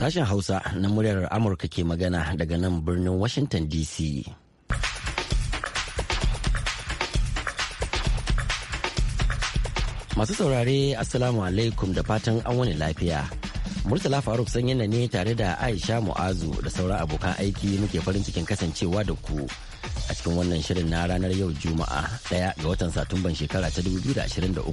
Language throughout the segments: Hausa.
Sashen Hausa na muryar Amurka ke magana daga nan birnin Washington DC. Masu saurare Assalamu alaikum da fatan an wani lafiya. Murtala Faruk yana ne tare da Aisha Mu'azu da sauran abokan aiki muke farin cikin kasancewa da ku a cikin wannan shirin na ranar yau Juma'a ɗaya ga watan Satumban shekara ta 2023.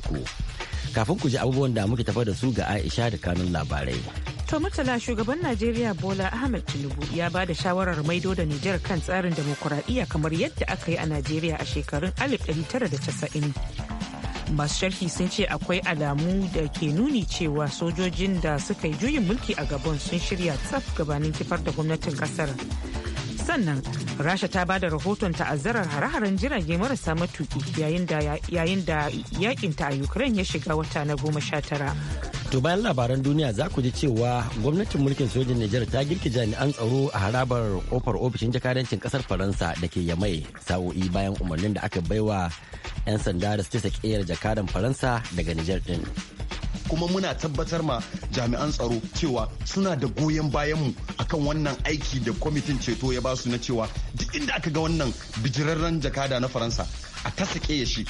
Kafin ku ji abubuwan da muke tafa da su ga Aisha da kanun labarai. To Murtala shugaban Najeriya Bola Ahmed Tinubu ya ba da shawarar maido da Nijar kan tsarin demokuraɗiyya kamar yadda aka yi a Najeriya a shekarun 1990. Masu sharhi sun ce akwai alamu da ke nuni cewa sojojin da suka yi juyin mulki a Gabon sun shirya tsaf gabanin kifar da gwamnatin kasar. Sannan Rasha ta ba da rahoton ta'azzarar hare-haren jirage marasa matuki yayin da yakin a Ukraine ya shiga wata na goma sha tara. To bayan labaran duniya za ku ji cewa gwamnatin mulkin sojin Nijar ta girki jami'an tsaro a harabar kofar ofishin jakadancin kasar Faransa da ke Yamai sa'o'i bayan umarnin da aka baiwa 'yan sanda da suke iyar jakadan Faransa daga Nijar din. kuma muna tabbatar ma jami'an tsaro cewa suna da goyon bayanmu akan wannan aiki da kwamitin ceto ya basu na cewa duk inda aka ga wannan bijirarren jakada na faransa a ta sake shi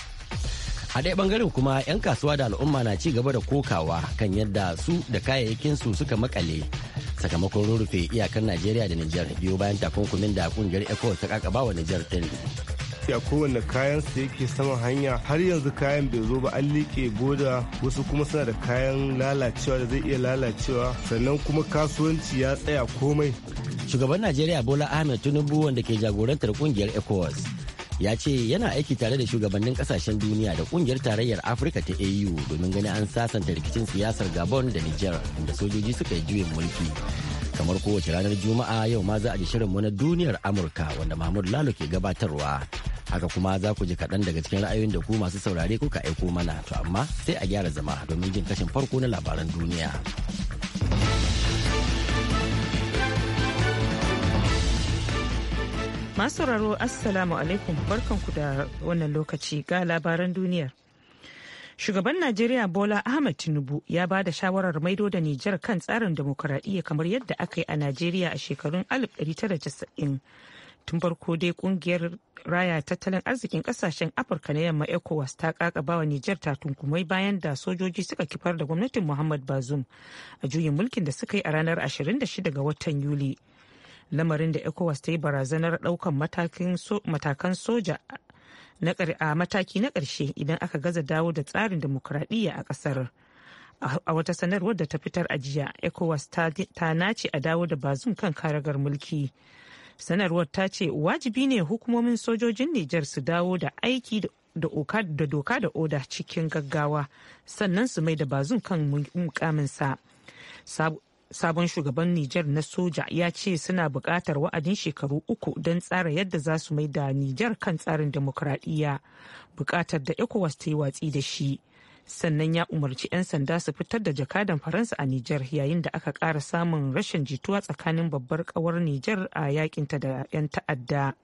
a ɗaya bangaren kuma 'yan kasuwa da al'umma na ci gaba da kokawa kan yadda su da kayayyakinsu suka makale sakamakon rurufe iyakar najeriya da niger biyu bayan takunkumin da kungiyar ecowas ta kakaba wa nijar ne. a kowane kayan su yake saman hanya har yanzu kayan bai zo ba an liƙe boda wasu kuma suna da kayan lalacewa da zai iya lalacewa sannan kuma kasuwanci ya tsaya komai shugaban najeriya bola ahmed tinubu wanda ke jagorantar kungiyar ecowas ya ce yana aiki tare da shugabannin kasashen duniya da kungiyar tarayyar afirka ta au domin gani an sasanta rikicin siyasar gabon da niger inda sojoji suka yi juyin mulki kamar kowace ranar juma'a yau ma za a ji shirinmu na duniyar amurka wanda mahmud lalo ke gabatarwa haka kuma za ku ji kaɗan daga cikin ra'ayoyin da ku masu saurare kuka aiko mana to amma sai a gyara zama domin jin kashin farko na labaran duniya. Masu sauraro Assalamu alaikum barkanku da wannan lokaci ga labaran duniyar. Shugaban Najeriya Bola Ahmed Tinubu ya ba da shawarar maido da Nijar kan tsarin demokuraɗiyya kamar yadda aka yi a Najeriya a shekarun 1990. Tun farko dai kungiyar raya tattalin arzikin kasashen Afirka na yamma ECOWAS ta kakaba wa Nijar tunkumai bayan da sojoji suka kifar da gwamnatin Muhammad Bazoum a juyin mulkin da suka yi a ranar 26 ga watan Yuli. lamarin da ecowas ta yi barazanar daukan matakan soja a mataki na ƙarshe idan aka gaza dawo da tsarin demokuraɗiyya a ƙasar a wata sanarwar da ta fitar a jiya ecowas ta nace a dawo da bazun kan karagar mulki sanarwar ta ce wajibi ne hukumomin sojojin nijar su dawo da aiki da doka da oda cikin gaggawa sannan su mai da bazun kan mukaminsa sabon shugaban Nijar na soja ya ce suna buƙatar wa'adin shekaru uku don tsara yadda za su mai da Nijar kan tsarin demokuraɗiyya buƙatar da ECOWAS ta yi watsi da shi. Sannan ya umarci 'yan sanda su fitar da jakadan Faransa a Nijar yayin da aka ƙara samun rashin jituwa tsakanin babbar ƙawar Nijar a yakinta da 'yan ta'adda.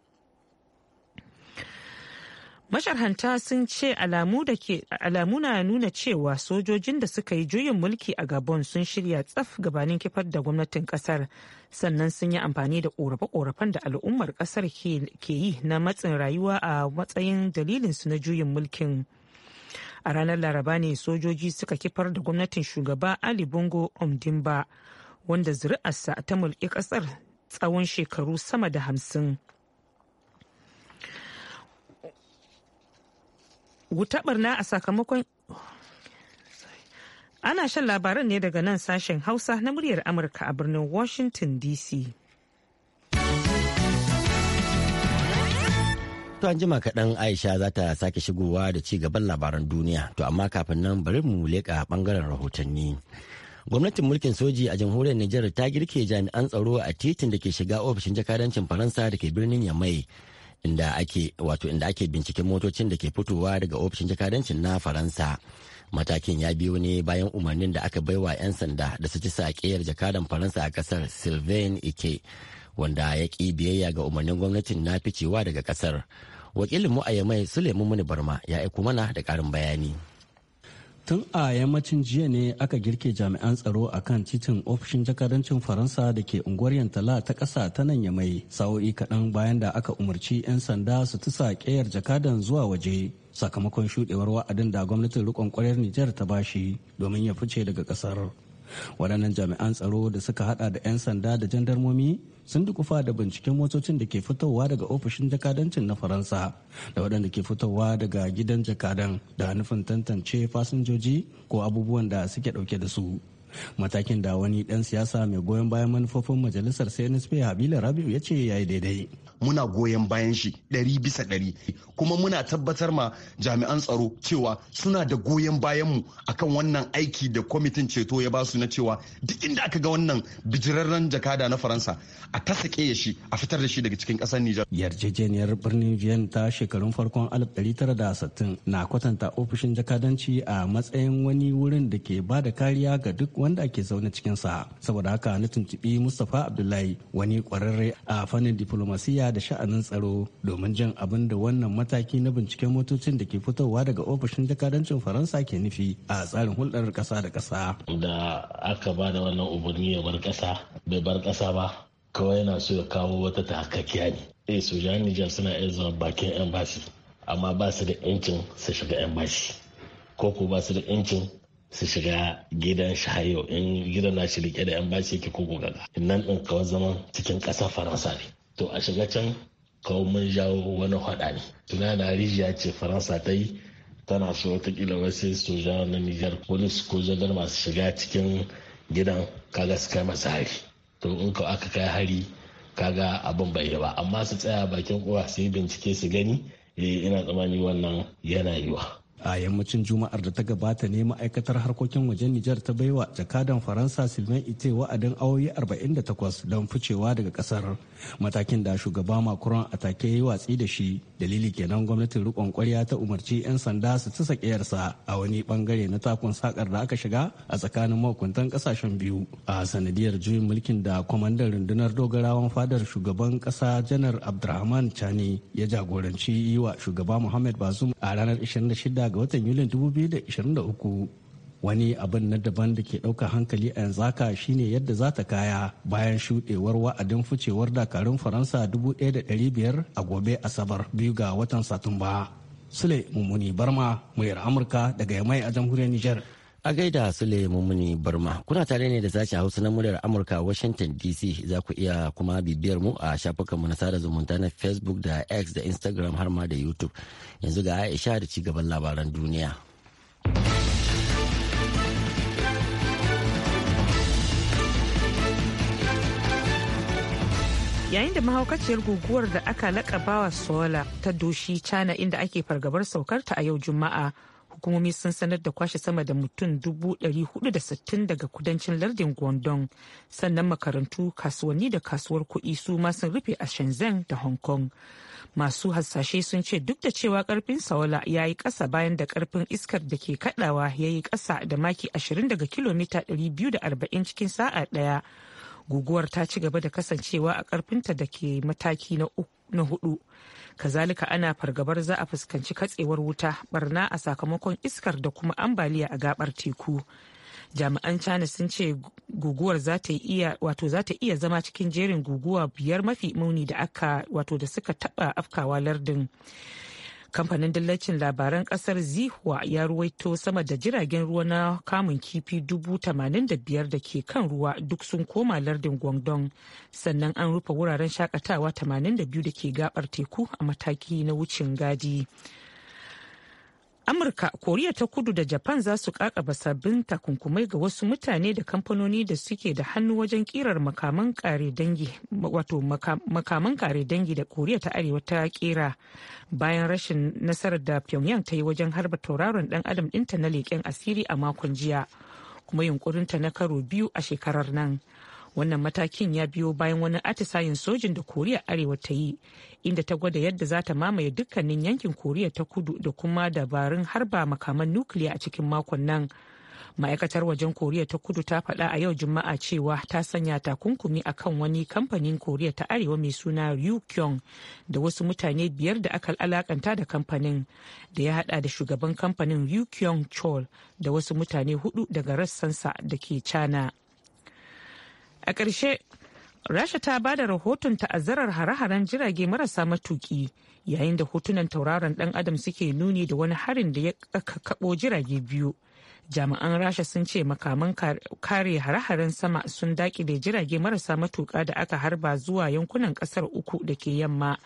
masharhanta sun ce alamu na nuna cewa sojojin da suka yi juyin mulki a gabon sun shirya tsaf gabanin kifar da gwamnatin kasar sannan sun yi amfani da korafe-korafen da al'ummar kasar ke yi na matsin rayuwa a matsayin dalilinsu na juyin mulkin a ranar laraba ne sojoji suka kifar da gwamnatin shugaba ali bongo omdimba wanda zuri'arsa ta mulki kasar tsawon shekaru sama da hamsin. wuta barna a sakamakon ana shan labaran ne daga nan sashen hausa na muryar amurka a birnin washington dc to an jima kaɗan aisha za ta sake shigowa da ci gaban labaran duniya to amma kafin nan bari mu leƙa ɓangaren rahotanni gwamnatin mulkin soji a jamhuriyar Nijar ta girke jami'an tsaro a titin da ke shiga ofishin jakadancin Faransa da ke birnin Yamai inda ake wato inda ake binciken motocin da ke fitowa daga ofishin jakadancin na faransa matakin ya biyo ne bayan umarnin da aka baiwa 'yan sanda da su ci saƙiyar jakadan faransa a ƙasar sylvain ike wanda ya ƙi biyayya ga umarnin gwamnatin na ficewa daga ƙasar wakilin mu a yamai suleiman muni barma ya aiko mana da ƙarin bayani tun a yammacin jiya ne aka girke jami'an tsaro a kan titin ofishin jakadancin faransa da ke unguwar yantala ta ƙasa ta nan ya mai, sa'o'i kaɗan bayan da aka umarci 'yan sanda su tusa ƙeyar jakadan zuwa waje sakamakon shuɗewar wa'adin da gwamnatin riƙon ƙwarar nijar ta bashi domin ya fice daga ƙasar waɗannan jami'an tsaro da suka hada da 'yan sanda da jandarmomi sun dukufa da binciken motocin da ke fitowa daga ofishin jakadancin na faransa da waɗanda ke fitowa daga gidan jakadan da nufin tantance fasinjoji ko abubuwan da suke ɗauke da su matakin da wani dan siyasa mai goyon bayan manufofin majalisar cnsp habila rabiu ya ce ya yi daidai muna goyon bayan shi ɗari bisa ɗari kuma muna tabbatar ma jami'an tsaro cewa suna da goyon bayanmu akan wannan aiki da kwamitin ceto ya basu na cewa duk inda aka ga wannan bijirarren jakada na faransa a tasake ya shi a fitar da shi daga cikin ƙasar nijar yarjejeniyar birnin vienna ta shekarun farkon alif tara da 1960 na kwatanta ofishin jakadanci a matsayin wani wurin da ke bada kariya ga duk wanda ake zaune cikin sa saboda haka na tuntubi mustapha abdullahi wani kwararre a fannin diflomasiya da sha'anin tsaro domin jin abin da wannan mataki na binciken motocin da ke fitowa daga ofishin jakadancin faransa ke nufi a tsarin hulɗar ƙasa da kasa da aka ba da wannan umarni ya bar ƙasa bai bar ƙasa ba kawai yana so ya kawo wata takakkiya ne eh sojan nijar suna iya zuwa bakin embassy amma ba su da 'yancin su shiga embassy ko ko ba su da 'yancin su shiga gidan shayo in gidan na shi da yan bashi yake ko gogaga nan din kawai zaman cikin ƙasar faransa ne to a shiga can kawo mun jawo wani haɗa ne tuna na rijiya ce faransa ta yi tana so ta kila wasu soja na nijar polis ko jagar masu shiga cikin gidan kaga su kai masa hari to in ka aka kai hari kaga abin bai yi ba amma su tsaya bakin kowa su yi bincike su gani eh ina tsammani wannan yana yiwa a yammacin juma'ar da ta gabata ne ma'aikatar harkokin wajen nijar ta baiwa jakadan faransa silman ite wa'adin awoyi 48 don ficewa daga kasar matakin da shugaba macron a take yi watsi da shi dalili kenan gwamnatin rikon kwarya ta umarci 'yan sanda su ta sakiyarsa a wani bangare na takun sakar da aka shiga a tsakanin mahukuntan kasashen biyu a sanadiyar juyin mulkin da kwamandan rundunar dogarawan fadar shugaban kasa janar abdurrahman chani ya jagoranci yi wa shugaba muhammad bazum a ranar 26 ga watan yulin 2023 wani abin na daban da ke ɗaukar hankali a yanzu haka shine yadda za ta kaya bayan shuɗewar wa'adin ficewar dakarun faransa 1,500 a gobe asabar biyu ga watan satumba sule mummuni barma muryar amurka daga yamai a jamhuriyar niger A gaida Sule muni Barma, kuna tare ne da sashen Hausa na muryar Amurka Washington DC za ku iya kuma bibiyar mu a shafukanmu na sada zumunta na Facebook da X da Instagram har ma da YouTube. Yanzu ga Aisha da ci gaban labaran duniya. yayin da mahaukaciyar guguwar da aka lakabawa sola ta doshi china inda ake fargabar saukarta a yau juma'a hukumomi sun sanar da kwashe sama da mutum 460 daga kudancin lardin guangdong sannan makarantu kasuwanni da kasuwar kuɗi su ma sun rufe a shenzhen da hong kong masu hasashe sun ce duk da cewa karfin sawala ya yi ƙasa bayan da karfin iskar da ke kaɗawa ya yi ƙasa da maki 20 daga kilomita 240 cikin sa'a ɗaya guguwar ta ci gaba da kasancewa a karfinta da ke mataki na uku na hudu kazalika ana fargabar za a fuskanci katsewar wuta barna a sakamakon iskar da kuma ambaliya a gabar teku jami'an china sun ce guguwar za ta iya zama cikin jerin guguwa biyar mafi muni da aka wato da suka taba afkawa lardin kamfanin dillacin labaran kasar zihuwa ya ruwaito sama da jiragen ruwa na kamun kifi dubu tamanin da biyar da ke kan ruwa duk sun koma lardin guangdong sannan an rufe wuraren shakatawa tamanin da da ke gabar teku a mataki na wucin gadi. amurka koriya ta kudu da japan za su kakaba sabbin takunkumai ga wasu mutane da kamfanoni da suke da hannu wajen kirar makaman kare dangi wato makaman kare dangi da koriya ta arewa ta kera bayan rashin nasarar da pyongyang ta yi wajen harba tauraron dan adam dinta na leƙen asiri a makon jiya kuma yunkurinta na karo biyu a shekarar nan wannan matakin ya biyo bayan wani atisayin sojin da koriya arewa ta yi inda ta gwada yadda za ta mamaye dukkanin yankin koriya ta kudu da kuma dabarun harba makaman nukiliya a cikin makon nan ma'aikatar wajen koriya ta kudu ta faɗa a yau juma'a cewa ta sanya takunkumi a kan wani kamfanin koriya ta arewa mai suna ryukyong da wasu mutane biyar da aka alakanta da kamfanin da ya hada da shugaban kamfanin ryukyong chol da wasu mutane hudu daga rassansa da ke china a ƙarshe rasha ta ba da rahoton ta'azzarar hare-haren jirage marasa matuki yayin da hotunan tauraron dan adam suke nuni da wani harin da ya kakaɓo jirage biyu jami'an rasha sun ce makaman kare hare-haren sama sun dakile jirage marasa matuka da aka harba zuwa yankunan kasar uku da ke yamma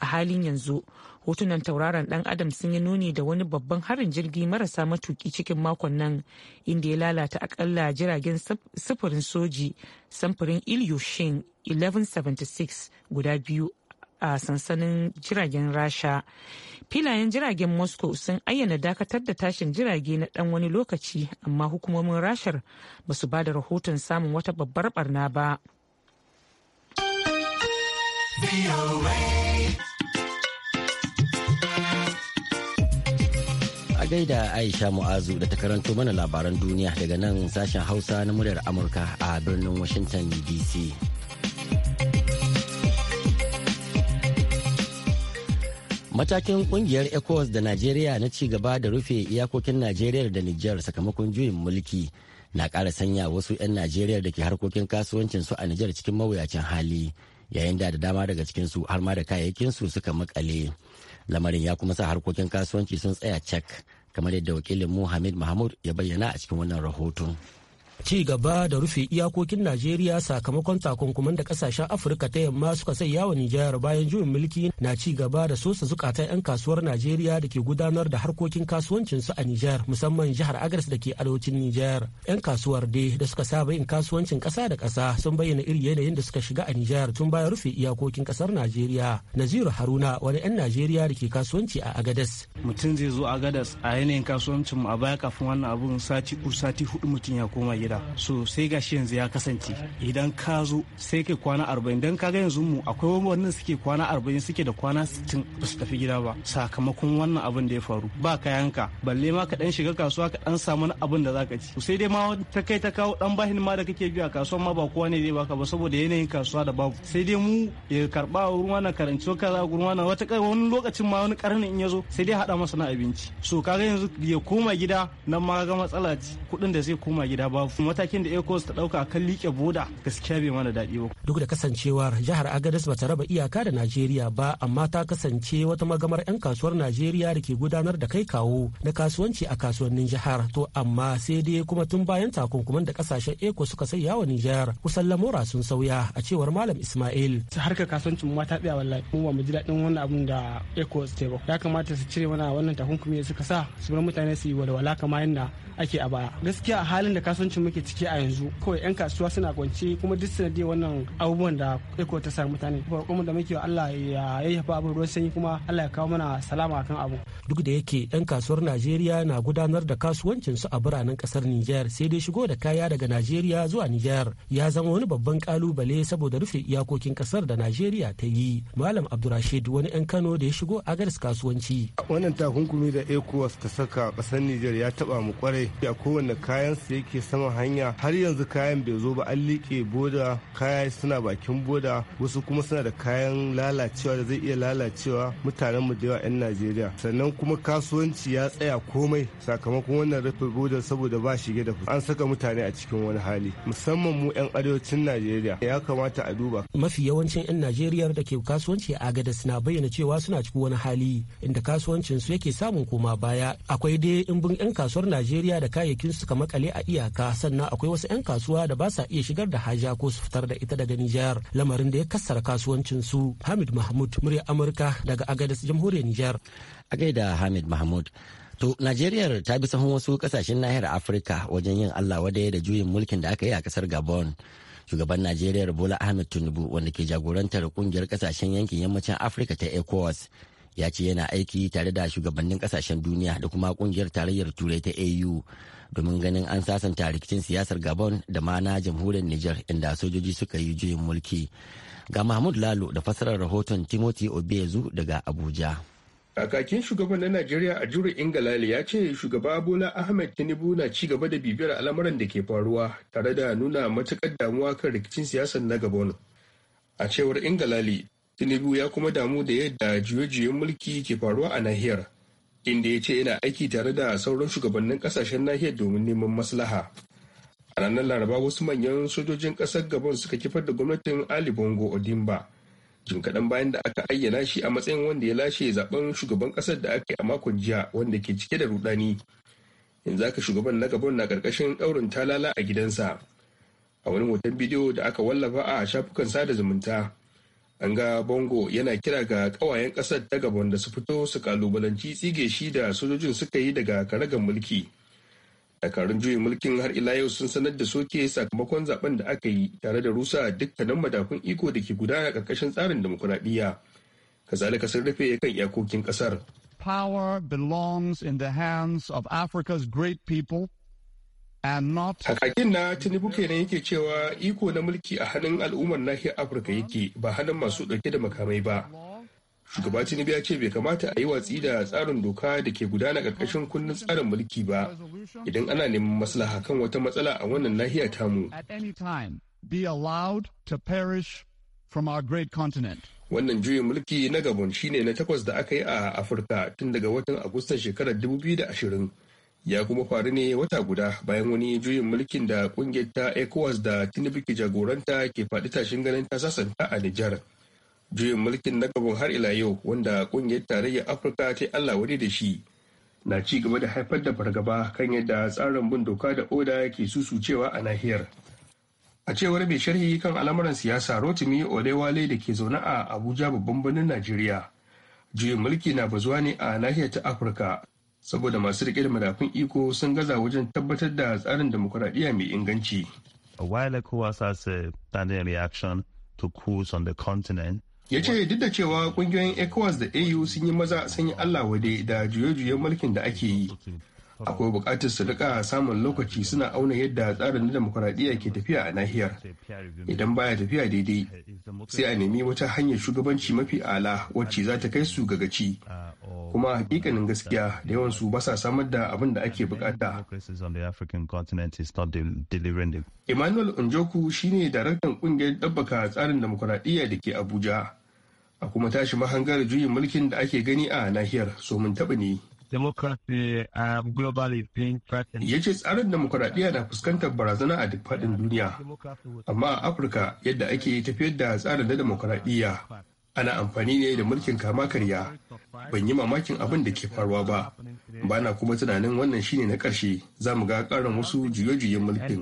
a halin yanzu hotunan tauraron ɗan adam sun yi nuni da wani babban harin jirgi marasa matuki cikin makon nan inda ya lalata akalla jiragen sufurin soji samfurin ilyushin 1176 guda biyu a sansanin jiragen rasha filayen jiragen moscow sun ayyana dakatar da tashin jirage na ɗan wani lokaci amma hukumomin rashar ba su ba da rahoton samun wata babbar barna ba. da Aisha Mu'azu da ta karanto mana labaran duniya daga nan sashen Hausa na muryar Amurka a birnin Washington DC. Matakin kungiyar ECOWAS da Najeriya na ci gaba da rufe iyakokin Najeriya da Nijar sakamakon juyin mulki na ƙara sanya wasu 'yan Najeriya da ke harkokin kasuwancin su a Nijar cikin mawuyacin hali yayin da da dama daga cikinsu har ma da kayayyakin su suka makale. lamarin ya kuma sa harkokin kasuwanci sun tsaya cak kamar yadda wakilin mu Hamid Mahmud ya bayyana a cikin wannan rahoton. ci gaba da rufe iyakokin najeriya sakamakon takunkuman da kasashen afirka ta yamma suka sai yawon nijar bayan juyin mulki na ci gaba da sosa zukatan 'yan kasuwar najeriya da ke gudanar da harkokin kasuwancinsu a nijar musamman jihar agres da ke arewacin nijar 'yan kasuwar dai da suka saba yin kasuwancin kasa da kasa sun bayyana iri yanayin da suka shiga a nijar tun bayan rufe iyakokin kasar najeriya naziru haruna wani 'yan najeriya da ke kasuwanci a agadas mutum zai zo agadas a yanayin kasuwancin mu a baya kafin wannan abun sati uku sati hudu mutum ya koma gida gida so sai gashi yanzu ya kasance idan ka zo sai kai kwana arba'in dan kaga yanzu mu akwai wani suke kwana arba'in suke da kwana sittin ba su tafi gida ba sakamakon wannan abin da ya faru ba kayanka balle ma ka dan shiga kasuwa ka dan samu abin da zaka ci sai dai ma ta kai ta kawo dan bahin ma da kake biya kasuwa ma ba kowa ne zai baka ba saboda yanayin kasuwa da babu sai dai mu ya karba ruwa na karanci kaza ruwa na wata wani lokacin ma wani karnin in ya zo sai dai hada masa na abinci so kaga yanzu ya koma gida nan ma ga matsala ce kudin da zai koma gida babu matakin da ecos ta dauka kan liƙe boda gaskiya bai mana daɗi ba duk da kasancewar jihar agadez ta raba iyaka da najeriya ba amma ta kasance wata magamar 'yan kasuwar najeriya da ke gudanar da kai kawo na kasuwanci a kasuwannin jihar to amma sai dai kuma tun bayan takunkuman da kasashen ecos suka sai wa nijar kusan lamura sun sauya a cewar malam ismail harkar kasuwancin mu ta tsaya wallahi mu ba ji daɗin wannan abun da ecos ta ba ya kamata su cire mana wannan takunkumi da suka sa su bar mutane su yi walwala kamar yadda ake a baya gaskiya a halin da kasuwancin muke ciki a yanzu kawai yan kasuwa suna kwance kuma duk sanadiyar wannan abubuwan da eko ta sa mutane kuma da muke Allah ya yayyafa abin ruwan sanyi kuma Allah ya kawo mana salama akan abu duk da yake yan kasuwar Najeriya na gudanar da kasuwancin su a biranen kasar niger sai dai shigo da kaya daga Najeriya zuwa niger ya zama wani babban kalubale saboda rufe iyakokin kasar da Najeriya ta yi Malam Abdurrashid wani yan Kano da ya shigo agaris kasuwanci wannan takunkumi da ECOWAS ta saka kasar niger ya taba mu kwarai a kowanne kayan su yake saman hanya har yanzu kayan bai zo ba an liƙe boda kaya suna bakin boda wasu kuma suna da kayan lalacewa da zai iya lalacewa mutanen mu da yawa 'yan najeriya sannan kuma kasuwanci ya tsaya komai sakamakon wannan rufe boda saboda ba shige da an saka mutane a cikin wani hali musamman mu 'yan arewacin najeriya ya kamata a duba mafi yawancin 'yan najeriya da ke kasuwanci a agadas suna bayyana cewa suna cikin wani hali inda kasuwancin su yake samun koma baya akwai dai in bin 'yan kasuwar najeriya najeriya da kayayyakin suka makale a iyaka sannan akwai wasu 'yan kasuwa da ba sa iya shigar da haja ko su fitar da ita daga nijar lamarin da ya kassara kasuwancin su hamid mahmud murya amurka daga agadis jamhuriyar nijar a gaida hamid mahmud To, Najeriya ta bi sahun wasu kasashen nahiyar Afirka wajen yin Allah wadaya da juyin mulkin da aka yi a kasar Gabon. Shugaban Najeriya Bola Ahmed Tinubu wanda ke jagorantar kungiyar kasashen yankin yammacin Afirka ta ECOWAS ya ce yana aiki tare da shugabannin kasashen duniya da kuma kungiyar tarayyar turai ta au domin ganin an sasanta rikicin siyasar gabon da ma na jamhuriyar niger inda sojoji suka yi juyin mulki ga mahmud lalo da fassarar rahoton timothy obezu daga abuja kakakin shugaban na najeriya a jure ingalali ya ce shugaba bola ahmed tinubu na ci gaba da bibiyar al'amuran da ke faruwa tare da nuna matukar damuwa kan rikicin siyasar na gabon a cewar ingalali tinubu ya kuma damu da yadda juye-juyen mulki ke faruwa a nahiyar inda ya ce yana aiki tare da sauran shugabannin kasashen nahiyar domin neman maslaha a ranar laraba wasu manyan sojojin ƙasar gabon suka kifar da gwamnatin ali bongo odimba jim kaɗan bayan da aka ayyana shi a matsayin wanda ya lashe zaben shugaban ƙasar da aka yi a makon jiya wanda ke cike da rudani yanzu haka shugaban na gabon na ƙarƙashin ɗaurin talala a gidansa a wani hoton bidiyo da aka wallafa a shafukan sada zumunta an ga bongo yana kira ga kawayen kasar ta gabon da su fito su kalubalanci tsige shi da sojojin suka yi daga karagar mulki dakarun juyin mulkin har ila yau sun sanar da soke sakamakon zaben da aka yi tare da rusa dukkanin madafun iko da ke gudana karkashin tsarin demokuraɗiyya kazalika sun rufe kan iyakokin kasar power belongs in the hands of africa's great people hakakin na Tinubu kenan yake cewa iko na mulki a hannun al'ummar nahiyar Afirka yake ba hannun masu dauke da makamai ba. Shugaba Tinubu ya ce bai kamata a yi watsi da tsarin doka da ke gudana karkashin kundin tsarin mulki ba idan ana neman maslaha kan wata matsala a wannan nahiyar tamu. Wannan juyin mulki na Gabon shine na takwas da aka yi a Afirka tun daga watan Agustan shekarar 2020. ya kuma faru ne wata guda bayan wani juyin mulkin da kungiyar ta ecowas da tinubu ke jagoranta ke faɗi tashin ganin ta sasanta a nijar juyin mulkin na gabon har ila yau wanda kungiyar tarayyar afirka ta allah wani da shi na ci gaba da haifar da fargaba kan yadda tsarin bin doka da oda ke susucewa a nahiyar a cewar mai sharhi kan al'amuran siyasa rotimi olewale da ke zaune a abuja babban birnin najeriya juyin mulki na bazuwa ne a nahiyar ta afirka saboda masu rike da madafun iko sun gaza wajen tabbatar da tsarin demokuraɗiyya mai inganci. While ECOWAS has a standing reaction to coups on the continent, ya ce duk da cewa kungiyoyin ecowas da au sun yi maza sun yi allah wade da juye-juyen mulkin da ake yi akwai bukatar su rika samun lokaci suna auna yadda tsarin demokuraɗiyya ke tafiya a nahiyar idan baya tafiya daidai sai a nemi wata hanyar shugabanci mafi ala wacce za ta kai su ga gaci kuma hakikanin gaskiya da yawan su basa samar da abin da ake bukata emmanuel unjoku shine daraktan kungiyar ɗabbaka tsarin demokuraɗiyya da ke abuja a kuma tashi mahangar juyin mulkin da ake gani a nahiyar so mun taɓa ne democracy um, Ya ce tsarin demokuraɗiyya na fuskantar barazana a duk faɗin duniya. Amma a Afirka yadda ake tafiyar da tsarin da demokuraɗiyya ana amfani ne da mulkin kama karya. Ban yi mamakin abin da ke faruwa ba. ba na kuma tunanin wannan shine na ƙarshe za mu ga ƙarin wasu juye-juyen mulkin.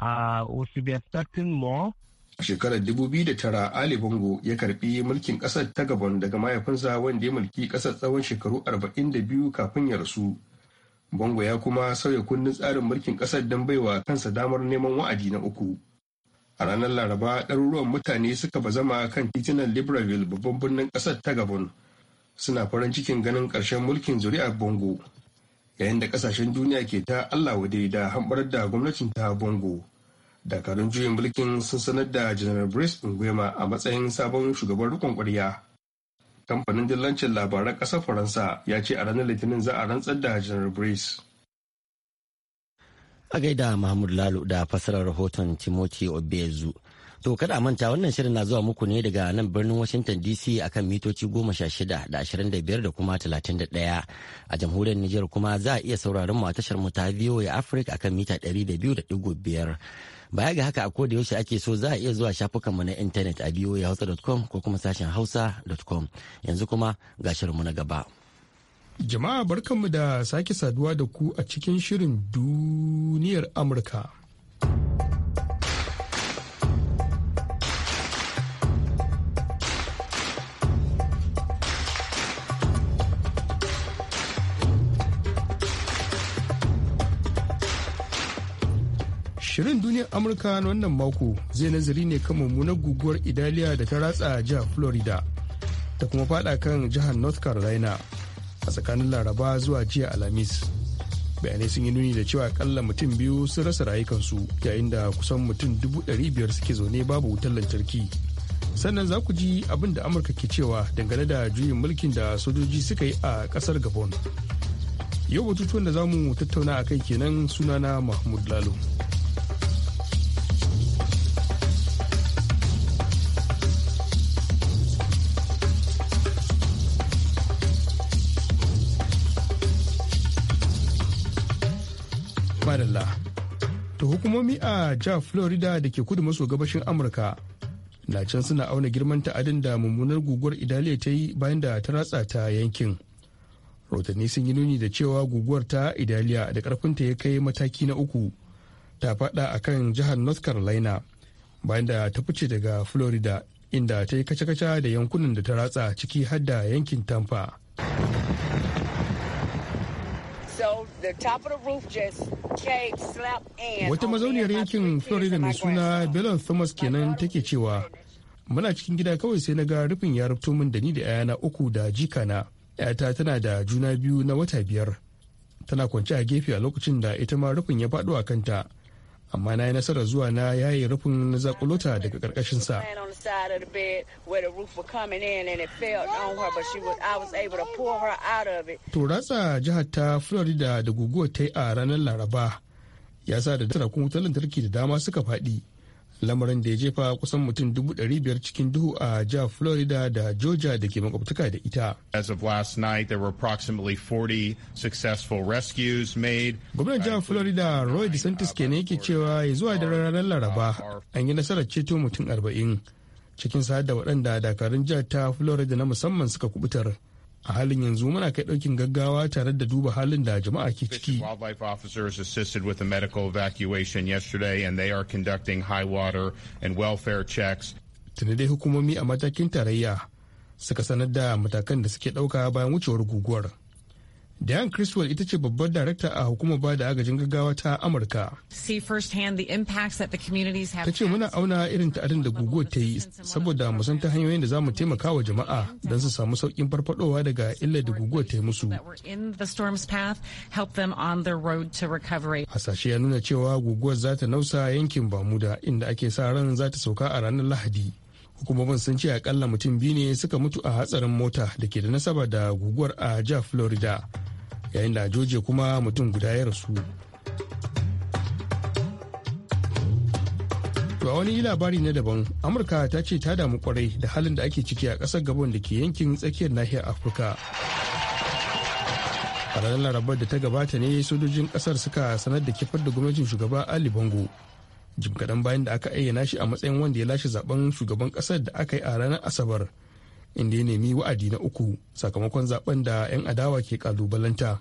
Uh, A shekarar 2009 Ali Bongo ya karbi mulkin kasar ta Gabon daga mahaifinsa wanda ya mulki kasar tsawon shekaru 42 kafin ya rasu. Bongo ya kuma sauya kundin tsarin mulkin kasar don baiwa kansa damar neman wa'adi na uku. A ranar Laraba, ɗaruruwan mutane suka zama kan titunan Libreville babban birnin ƙasar ta Gabon. Suna farin cikin ganin ƙarshen mulkin zuri'ar Bongo. Yayin da ƙasashen duniya ke ta Allah wadai da hamɓarar da gwamnatin ta Bongo. dakarun juyin mulkin sun sanar da janar brice nguema a matsayin sabon shugaban rikon kwarya kamfanin dillancin labaran ƙasar faransa ya ce a ranar litinin za a rantsar da janar brice a gaida mahmud lalu da fasarar rahoton timothy obezu To kada a manta wannan shirin na zuwa muku ne daga nan birnin Washington DC akan mitoci goma sha shida da ashirin da biyar da kuma talatin da ɗaya. A jamhuriyar Nijar kuma za a iya sauraron mu a tashar mu ta VOA Africa akan mita ɗari da biyu da ɗigo biyar. Baya ga haka a koda yaushe ake so za a iya zuwa shafukan mu na intanet a voahausa.com ko kuma sashen hausa.com. Yanzu kuma ga mu na gaba. Jama'a barkanmu da sake saduwa da ku a cikin shirin duniyar Amurka. Shirin duniyar Amurka na wannan mako zai nazari ne kan mummunar guguwar Idaliya da ta ratsa jihar Florida ta kuma fada kan jihar North Carolina a tsakanin Laraba zuwa jiya Alhamis. Bayanai sun yi nuni da cewa kalla mutum biyu sun rasa rayukansu yayin da kusan mutum dubu ɗari biyar suke zaune babu wutar lantarki. Sannan za ku ji abin da Amurka ke cewa dangane da juyin mulkin da sojoji suka yi a ƙasar Gabon. Yau batutuwan da za mu tattauna a kai kenan sunana Mahmud Lalo. hukumomi a jihar florida da ke kudu maso gabashin amurka na can suna auna girman ta'adin da mummunar guguwar idaliya ta yi bayan da ta ratsa ta yankin rotanni sun yi nuni da cewa guguwar ta idaliya da karfinta ya kai mataki na uku ta fada a kan jihar north carolina bayan da ta fice daga florida inda ta yi kaca-kaca da yankunan da ta ratsa ciki har da yankin tampa Wata mazauniyar yankin Florida mai suna Bella Thomas kenan take cewa muna cikin gida kawai sai na ga rufin ya rufto min da ni da 'ya'yana uku da jika na 'yata tana da juna biyu na wata biyar. Tana kwance a gefe a lokacin da ita ma rufin ya faɗo a kanta. amma na yi nasarar zuwa na yayi rufin zakulota daga karkashin sa jihar ta florida da guguwar ta yi a ranar laraba ya sa da tarakun wutar lantarki da dama suka faɗi lamarin da ya jefa kusan mutum dubu biyar cikin duhu a jihar florida da georgia da ke makwabtaka da ita as of last night there were approximately 40 successful rescues made gwamnan jihar florida roy desantis ne yake cewa ya zuwa da ranar laraba an yi nasarar ceto mutum 40 cikin sa da waɗanda dakarun jihar ta florida na musamman suka kubutar a halin yanzu muna kai ɗaukin gaggawa tare da duba halin da jama'a ke ciki. Wildlife officers assisted with the medical evacuation yesterday and they are conducting high water and welfare checks. Tuni dai hukumomi a matakin tarayya suka sanar da matakan da suke ɗauka bayan wucewar guguwar. Diane Criswell ita ce babbar darakta a hukumar bada agajin gaggawa ta Amurka. Ta ce muna auna irin ta'adin da guguwar ta yi saboda mu san ta hanyoyin da za mu taimaka wa jama'a don su samu sauƙin farfadowa daga illar da guguwar ta yi musu. Hasashe ya nuna cewa guguwar za ta nausa yankin Bamuda inda ake sa ran za ta sauka a ranar Lahadi. hukumomin sun ce akalla mutum biyu ne suka mutu a hatsarin mota da ke da nasaba da guguwar a jihar florida yayin da georgia kuma mutum guda ya rasu a wani labari na daban amurka ta ce ta damu kwarai da halin da ake ciki a ƙasar gabon da ke yankin tsakiyar nahiyar afirka a ranar larabar da ta gabata ne sojojin ƙasar suka sanar da kifar da gwamnatin shugaba ali bongo jim kaɗan bayan da aka ayyana shi a matsayin wanda ya lashe zaben shugaban ƙasar da aka yi a ranar asabar inda ya nemi wa'adi na uku sakamakon zaben da 'yan adawa ke kalubalanta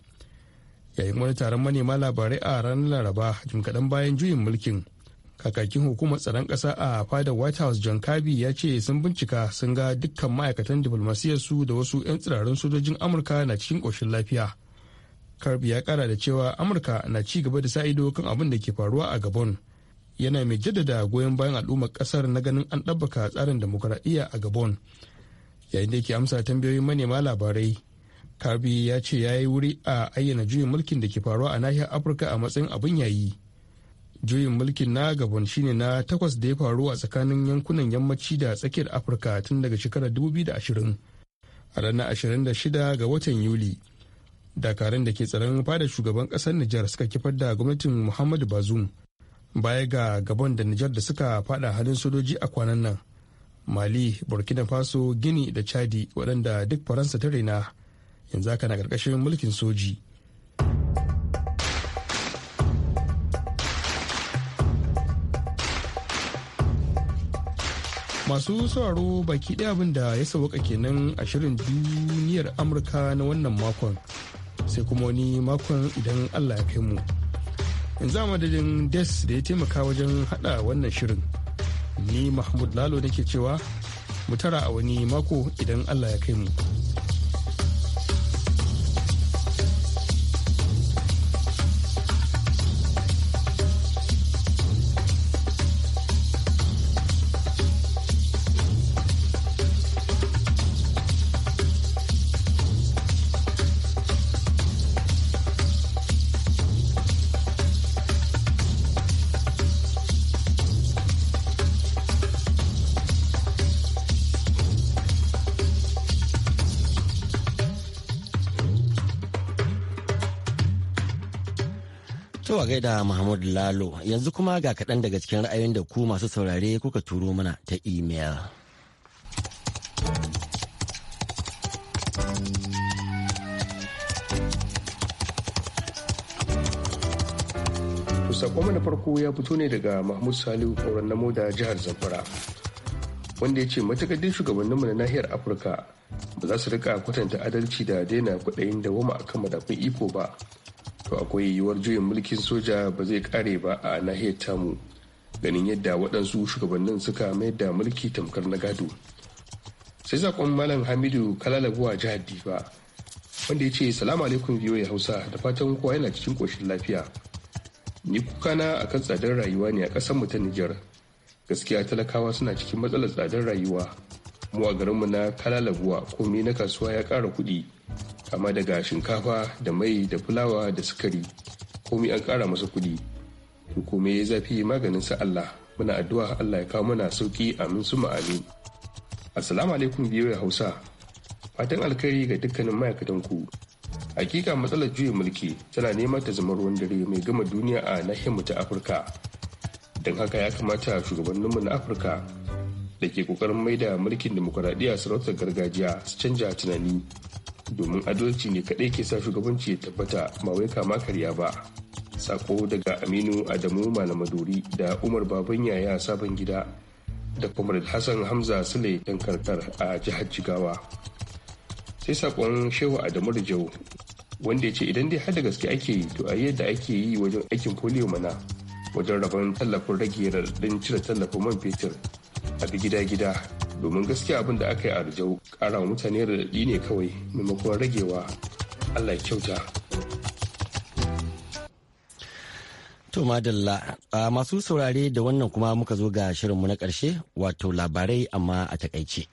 yayin wani taron manema labarai a ranar laraba jim kaɗan bayan juyin mulkin kakakin hukumar tsaron ƙasa a fadar white house john kirby ya ce sun bincika sun ga dukkan ma'aikatan su da wasu 'yan tsirarin sojojin amurka na cikin ƙoshin lafiya karbi ya kara da cewa amurka na ci gaba da sa ido kan abin da ke faruwa a gabon yana mai jaddada goyon bayan al'ummar kasar na ganin an ɗabbaka tsarin demokuraɗiyya a gabon yayin da yake amsa tambayoyin manema labarai kabi ya ce ya yi wuri a ayyana juyin mulkin da ke faruwa a nahiyar afirka a matsayin abin yayi juyin mulkin na gabon shine na takwas da ya faru a tsakanin yankunan yammaci da tsakiyar afirka tun daga shekarar 2020 a ranar 26 ga watan yuli dakarun da ke tsaron fada shugaban kasar nijar suka kifar da gwamnatin muhammadu bazum baya ga gabon da nijar da suka fada halin sojoji a kwanan nan mali burkina faso gini da chadi waɗanda duk faransa ta raina yanzu haka na ƙarƙashin mulkin soji masu sauraro baki ɗaya abin da ya sauka kenan a shirin duniyar amurka na wannan makon sai kuma wani makon idan allah ya kai mu. yanzu a madadin des da ya taimaka wajen hada wannan shirin ni mahmud lalo nake cewa mu tara a wani mako idan allah ya kai mu. To a gaida Mahmud Lalo yanzu kuma ga kaɗan daga cikin ra'ayoyin da ku masu saurare kuka turo mana ta imel. sakon na farko ya fito ne daga mahmud salihu kauran namo da jihar zamfara wanda ya ce matakardin shugabanninmu na nahiyar afirka ba za su rika kwatanta adalci da daina kudayin da wama akan madafin iko ba to akwai yiwuwar juyin mulkin soja ba zai kare ba a nahiyar tamu ganin yadda waɗansu shugabannin suka mayar da mulki tamkar na gado sai zakon malam hamidu kalalabuwa jihar difa wanda ya ce salamu alaikum ya hausa da fatan kowa yana cikin koshin lafiya ni kukana akan tsadar rayuwa ne a ƙasar mu ta nijar gaskiya talakawa suna cikin matsalar tsadar rayuwa mu a garinmu na kalalabuwa komai na kasuwa ya ƙara kuɗi amma daga shinkafa da mai da fulawa da sukari komai an ƙara masa kuɗi to komai ya zafi maganin sa Allah muna addu'a Allah ya kawo mana sauki amin su amin assalamu alaikum biyoyi hausa fatan alkhairi ga dukkanin ma'aikatan ku hakika matsalar juyin mulki tana neman ta zama ruwan dare mai gama duniya a nahiyarmu ta afirka don haka ya kamata shugabanninmu na afirka da ke kokarin maida mulkin demokuraɗiyya sarautar gargajiya su canja tunani domin adalci ne kaɗai ke sa shugabanci ya tabbata ba wai kama karya ba sako daga aminu adamu malamadori da umar baban yaya sabon gida da kumar hassan hamza sule dan karkar a jihar jigawa sai sakon shehu adamu da jau wanda ya ce idan dai har da gaske ake yi to a yi yadda ake yi wajen aikin polio mana wajen rabon tallafin rage raɗaɗin cire tallafin man fetur a duk gida-gida domin gaskiya abin da aka yi a Rijau ƙara mutane raɗaɗi ne kawai maimakon ragewa Allah kyauta. To madalla masu saurare da wannan kuma muka zo ga shirinmu na ƙarshe wato labarai amma a takaice.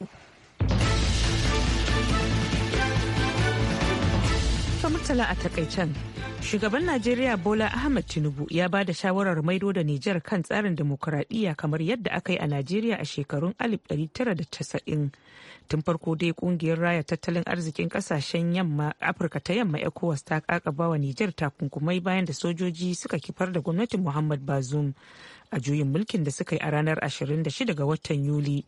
Murtala a takaicen. Shugaban Najeriya Bola Ahmed Tinubu ya ba da shawarar maido da Nijar kan tsarin demokuraɗiyya kamar yadda aka yi a Najeriya a shekarun 1990. tun farko dai kungiyar raya tattalin arzikin kasashen yamma afirka ta yamma ecowas ta kakaba wa nijar takunkumai bayan da sojoji suka kifar da gwamnatin muhammad bazoum a juyin mulkin da suka yi a ranar 26 ga watan yuli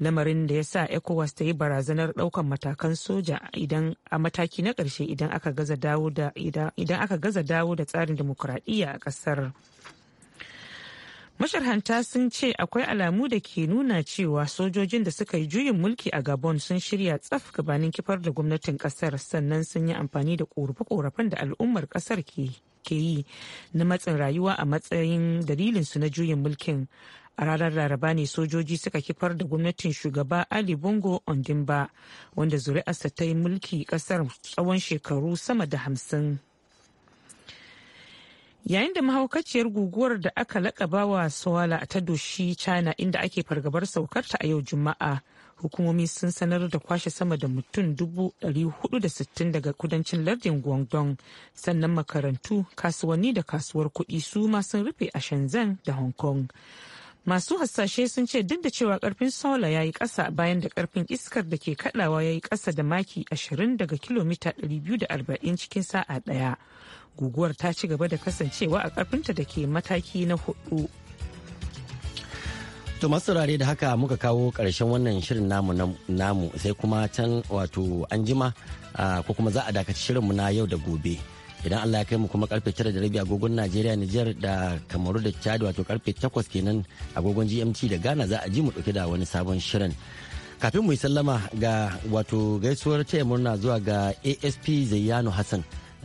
lamarin da ya sa ecowas ta yi barazanar daukan matakan soja idan a mataki na ƙarshe idan aka gaza dawo da tsarin dimokuraɗiyya a ƙasar. masharhanta sun ce akwai alamu da ke nuna cewa sojojin da suka yi juyin mulki a gabon sun shirya tsaf gabanin kifar da gwamnatin kasar sannan sun yi amfani da korafe-korafen da al'ummar kasar ke yi na matsin rayuwa a matsayin dalilinsu na juyin mulkin a ranar laraba ne sojoji suka kifar da gwamnatin shugaba ali bongo ondimba wanda zuri'arsa ta yi mulki kasar tsawon shekaru sama da hamsin. yayin da mahaukaciyar guguwar da aka lakaba wa Sawala ta doshi China inda ake fargabar saukarta a yau Juma'a. Hukumomi sun sanar da kwashe sama da mutum 460 daga kudancin lardin Guangdong sannan makarantu, kasuwanni da kasuwar kuɗi su ma sun rufe a Shenzhen da Hong Kong. Masu hasashe sun ce duk da cewa karfin sola ya yi ƙasa bayan da karfin iskar da ke kadawa ya yi ƙasa da maki 20 daga kilomita 240 cikin sa'a daya. guguwar ta ci gaba da kasancewa a karfinta da ke mataki na hudu To masu saurare da haka muka kawo karshen wannan shirin namu namu sai kuma can wato an jima ko kuma za a dakaci shirinmu na yau da gobe. Idan Allah ya kai mu kuma karfe 9 da rabi agogon Najeriya Nijar da Kamaru da Chad wato karfe 8 kenan agogon GMT da Ghana za a ji mu ɗauke da wani sabon shirin. Kafin mu yi sallama ga wato gaisuwar taya murna zuwa ga ASP Zayyano Hassan.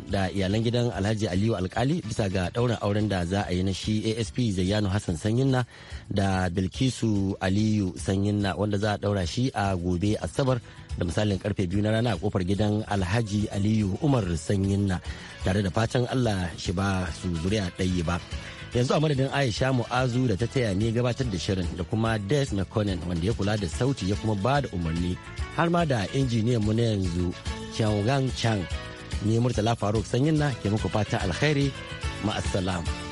da iyalan gidan alhaji aliyu alkali bisa ga ɗaurin auren da za a yi na shi asp zayyano hassan sanyinna da bilkisu aliyu sanyinna wanda za a daura shi a gobe asabar da misalin karfe biyu na rana a kofar gidan alhaji aliyu umar sanyinna tare da fatan allah shi ba su zuriya ɗaya ba yanzu a madadin aisha mu'azu da ta taya ne gabatar da shirin da kuma des mcconnell wanda ya kula da sauti ya kuma ba da umarni har ma da injiniyan mu na yanzu chang chang ni murtala faruk sanyin na ke muku fata alkhairi ma'assalam.